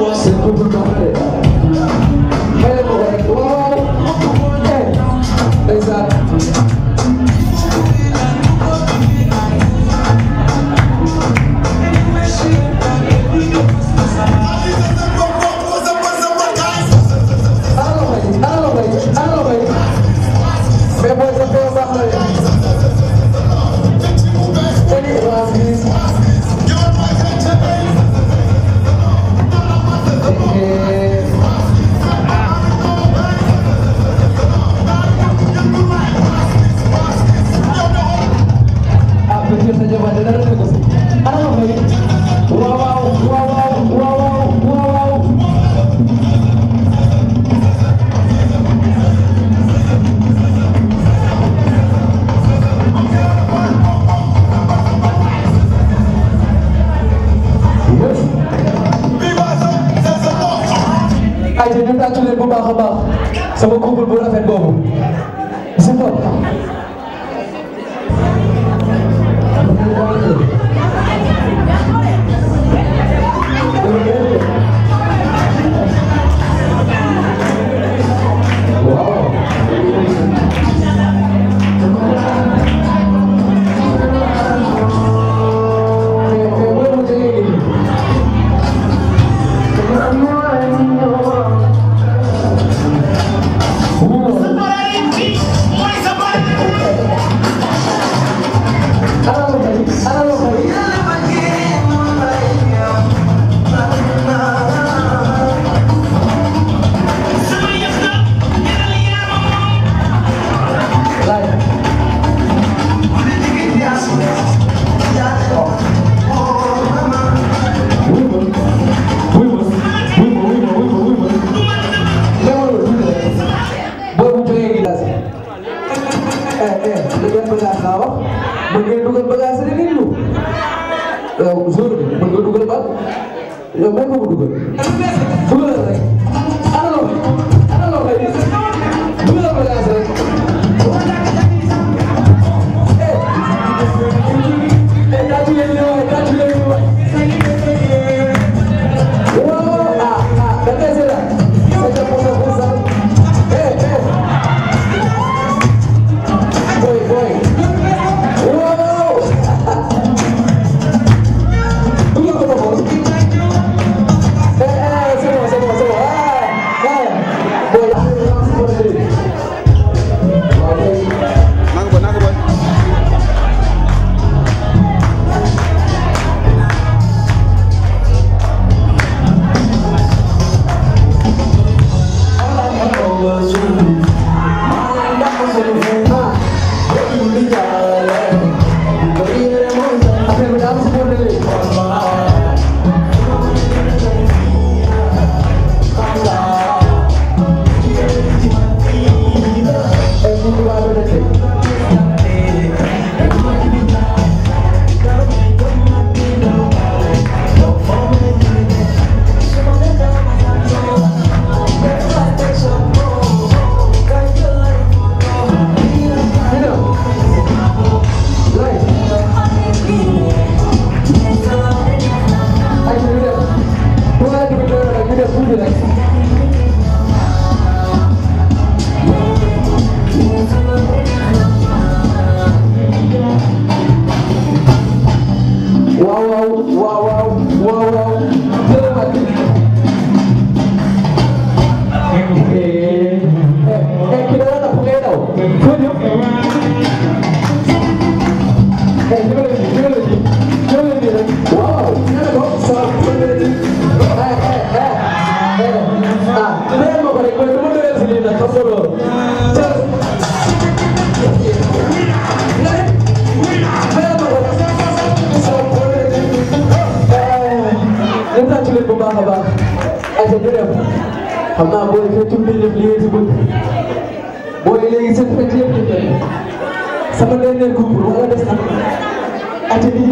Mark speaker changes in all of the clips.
Speaker 1: Você é tudo baax a baax sama couple bu rafet boobu yow mën nga dugal ba yow mën nga ko dugal dugalal rek. whoa, whoa, whoa, whoa. xam naa booy feccum di def li ngeen si bëgg booy léegi seen fecc yëpp di def sama dernier groupe ma nga des ak ati di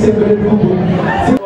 Speaker 1: segredo do mundo.